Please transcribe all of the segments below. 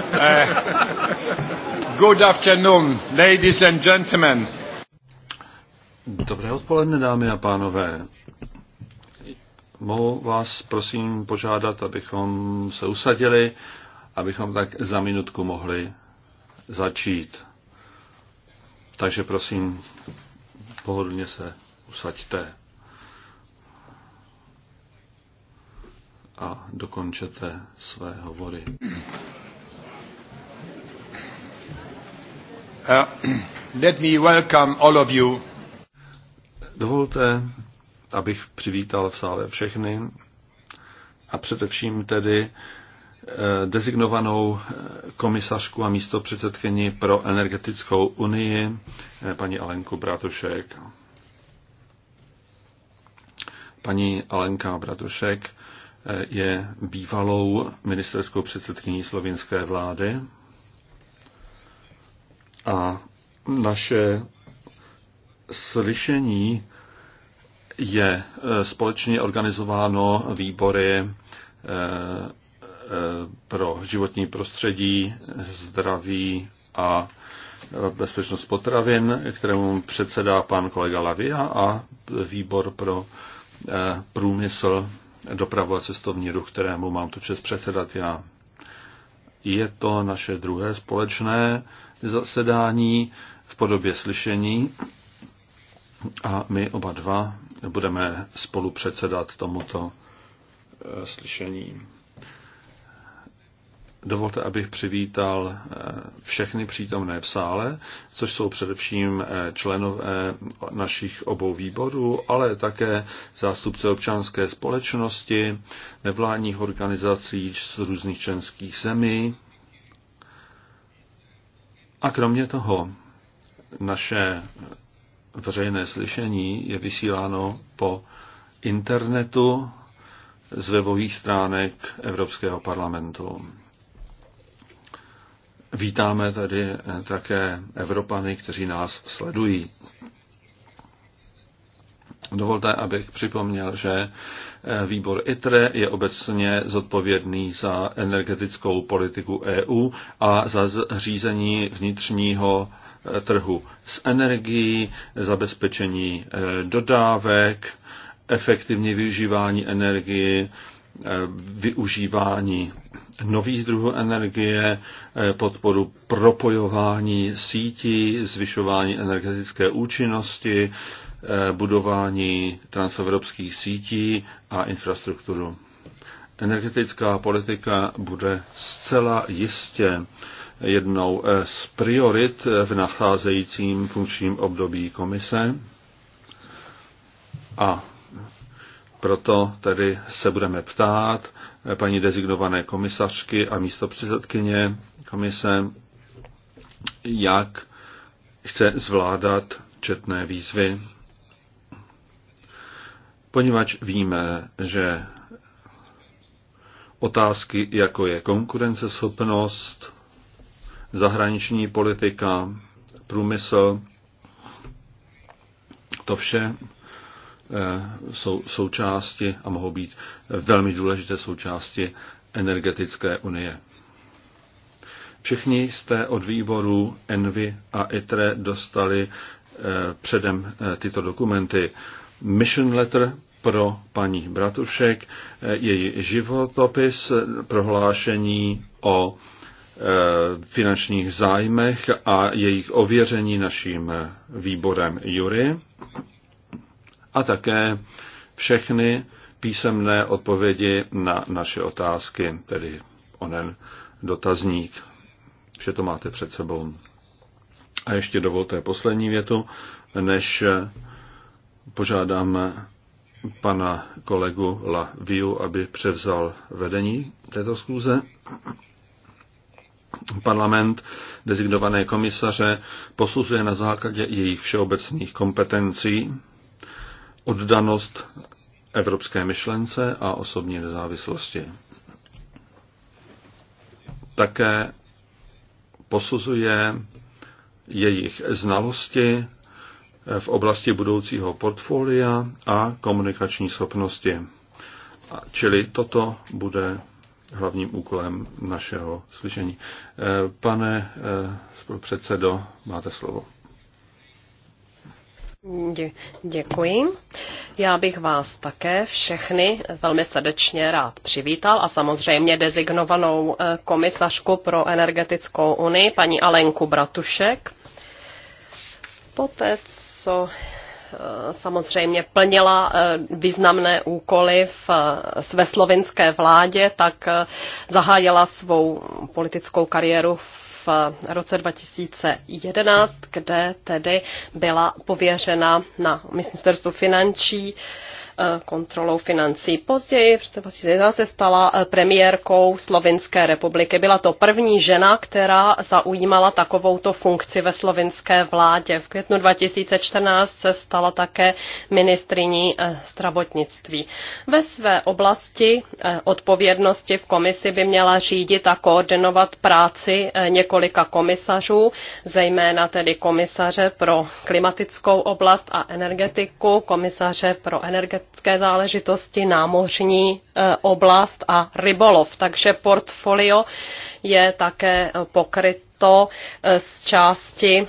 Eh, good afternoon, ladies and gentlemen. Dobré odpoledne, dámy a pánové. Mohu vás prosím požádat, abychom se usadili, abychom tak za minutku mohli začít. Takže prosím, pohodlně se usaďte. a dokončete své hovory. Uh, let me welcome all of you. Dovolte, abych přivítal v sále všechny a především tedy eh, designovanou eh, komisařku a místo předsedkyni pro energetickou unii, eh, paní Alenku Bratušek. Paní Alenka Bratušek je bývalou ministerskou předsedkyní slovinské vlády a naše slyšení je e, společně organizováno výbory e, e, pro životní prostředí, zdraví a bezpečnost potravin, kterému předsedá pan kolega Lavia a výbor pro průmysl, dopravu a cestovní ruch, kterému mám tu čest předsedat já. Je to naše druhé společné zasedání v podobě slyšení a my oba dva budeme spolu předsedat tomuto eh, slyšení. Dovolte, abych přivítal eh, všechny přítomné v sále, což jsou především eh, členové eh, našich obou výborů, ale také zástupce občanské společnosti, nevládních organizací z různých členských zemí. A kromě toho naše veřejné slyšení je vysíláno po internetu z webových stránek Evropského parlamentu. Vítáme tady eh, také Evropany, kteří nás sledují. Dovolte, abych připomněl, že eh, výbor ITRE je obecně zodpovědný za energetickou politiku EU a za řízení vnitřního eh, trhu s energií, zabezpečení dodávek, efektivní využívání energie, Eh, využívání nových druhů energie, eh, podporu propojování sítí, zvyšování energetické účinnosti, eh, budování transevropských sítí a infrastrukturu. Energetická politika bude zcela jistě jednou z priorit v nacházejícím funkčním období komise a proto tedy se budeme ptát paní dezignované komisařky a místo předsedkyně komise, jak chce zvládat četné výzvy. Poněvadž víme, že otázky, jako je konkurenceschopnost, zahraniční politika, průmysl, to vše jsou eh, součásti a mohou být velmi důležité součásti energetické unie. Všichni jste od výboru Envy a ITRE dostali eh, předem eh, tyto dokumenty. Mission letter pro paní Bratušek, její životopis, prohlášení o finančních zájmech a jejich ověření naším výborem Jury a také všechny písemné odpovědi na naše otázky, tedy onen dotazník. Vše to máte před sebou. A ještě dovolte poslední větu, než požádám pana kolegu La Viu, aby převzal vedení této schůze. Parlament designované komisaře posuzuje na základě jejich všeobecných kompetencí oddanost evropské myšlence a osobní nezávislosti. Také posuzuje jejich znalosti v oblasti budoucího portfolia a komunikační schopnosti. Čili toto bude hlavním úkolem našeho slyšení. Pane eh, předsedo, máte slovo. Dě- děkuji. Já bych vás také všechny velmi srdečně rád přivítal a samozřejmě dezignovanou eh, komisařku pro energetickou unii, paní Alenku Bratušek. Poté, co eh, samozřejmě plnila eh, významné úkoly v, ve slovinské vládě, tak zahájila svou politickou kariéru v roce 2011, kde tedy byla pověřena na ministerstvu financí Eh, kontrolou financí. Později v roce 2011 se stala eh, premiérkou Slovenské republiky. Byla to první žena, která zaujímala takovouto funkci ve slovenské vládě. V květnu 2014 se stala také ministriní eh, zdravotnictví. Ve své oblasti odpovědnosti v komisi by měla řídit a koordinovat práci několika komisařů, zejména tedy komisaře pro klimatickou oblast a energetiku, komisaře pro energetiku politické záležitosti, námořní e, oblast a rybolov. Takže portfolio je také e, pokryto e, z části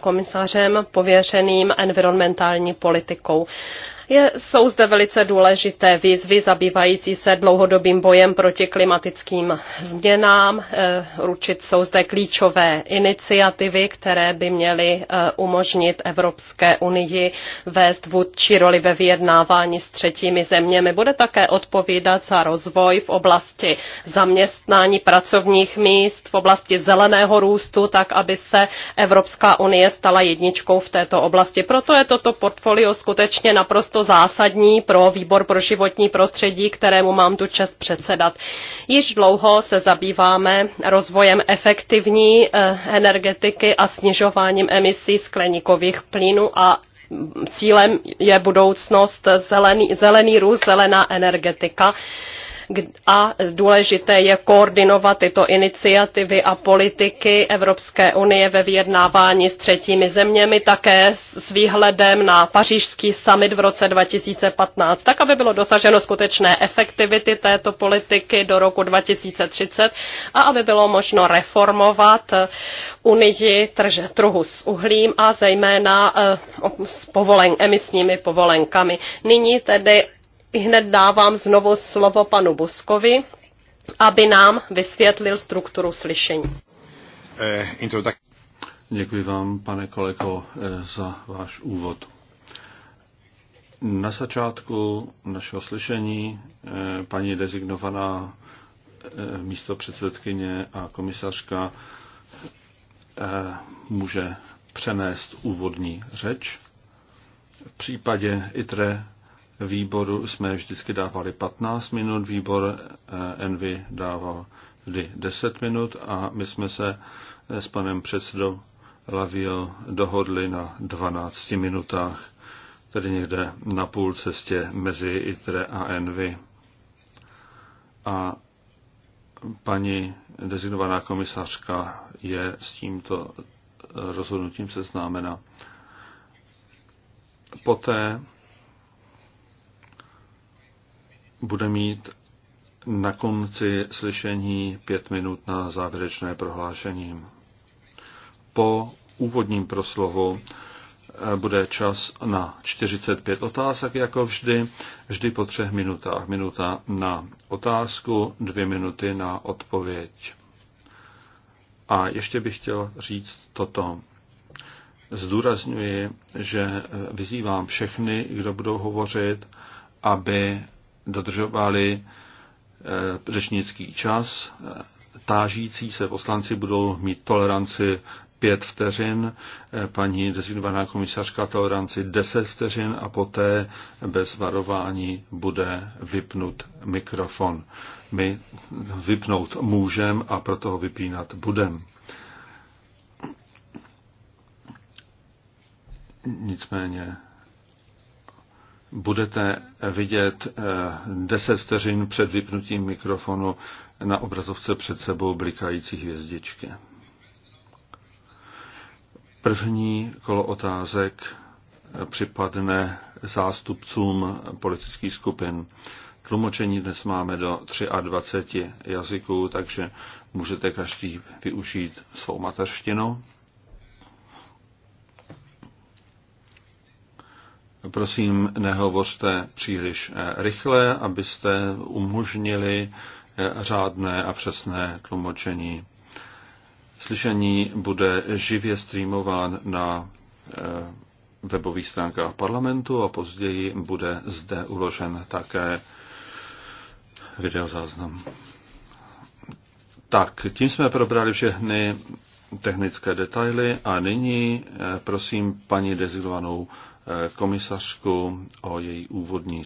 komisařem pověřeným environmentální politikou jsou zde velice důležité výzvy zabývající se dlouhodobým bojem proti klimatickým změnám. Eh, Určitě jsou zde klíčové iniciativy, které by měly eh, umožnit Evropské unii vést vůdčí roli ve vyjednávání s třetími zeměmi. Bude také odpovídat za rozvoj v oblasti zaměstnání pracovních míst, v oblasti zeleného růstu, tak aby se Evropská unie stala jedničkou v této oblasti. Proto je toto portfolio skutečně naprosto naprosto zásadní pro výbor pro životní prostředí, kterému mám tu čest předsedat. Již dlouho se zabýváme rozvojem efektivní eh, energetiky a snižováním emisí skleníkových plynů a cílem je budoucnost zelený, zelený růst, zelená energetika a důležité je koordinovat tyto iniciativy a politiky Evropské unie ve vyjednávání s třetími zeměmi, také s výhledem na pařížský summit v roce 2015, tak aby bylo dosaženo skutečné efektivity této politiky do roku 2030 a aby bylo možno reformovat unii trže, trhu s uhlím a zejména eh, s povolen, emisními povolenkami. Nyní tedy ihned hned dávám znovu slovo panu Buskovi, aby nám vysvětlil strukturu slyšení. Eh, Děkuji vám, pane kolego, eh, za váš úvod. Na začátku našeho slyšení eh, paní dezignovaná místo předsedkyně a komisařka může přenést úvodní řeč. V případě ITRE výboru jsme vždycky dávali 15 minut, výbor eh, Envy dával vždy 10 minut a my jsme se eh, s panem předsedou Lavio dohodli na 12 minutách, tedy někde na půl cestě mezi ITRE a Envy. A paní designovaná komisařka je s tímto rozhodnutím seznámena. Poté bude mít na konci slyšení pět minut na závěrečné prohlášení. Po úvodním proslovu eh, bude čas na 45 otázek, jako vždy, vždy po třech minutách. Minuta na otázku, dvě minuty na odpověď. A ještě bych chtěl říct toto. Zdůrazňuji, že eh, vyzývám všechny, kdo budou hovořit, aby dodržovali eh, řečnický čas. Tážící se poslanci budou mít toleranci pět vteřin, eh, paní designovaná komisařka toleranci deset vteřin a poté bez varování bude vypnut mikrofon. My vypnout můžem a proto ho vypínat budem. Nicméně budete vidět 10 eh, vteřin před vypnutím mikrofonu na obrazovce před sebou blikající hvězdičky. První kolo otázek eh, připadne zástupcům politických skupin. Tlumočení dnes máme do 23 jazyků, takže můžete každý využít svou mateřštinu. Prosím, nehovořte příliš eh, rychle, abyste umožnili eh, řádné a přesné tlumočení. Slyšení bude živě streamován na eh, webových stránkách parlamentu a později bude zde uložen také videozáznam. Tak, tím jsme probrali všechny technické detaily a nyní prosím paní dezidovanou komisařku o její úvodní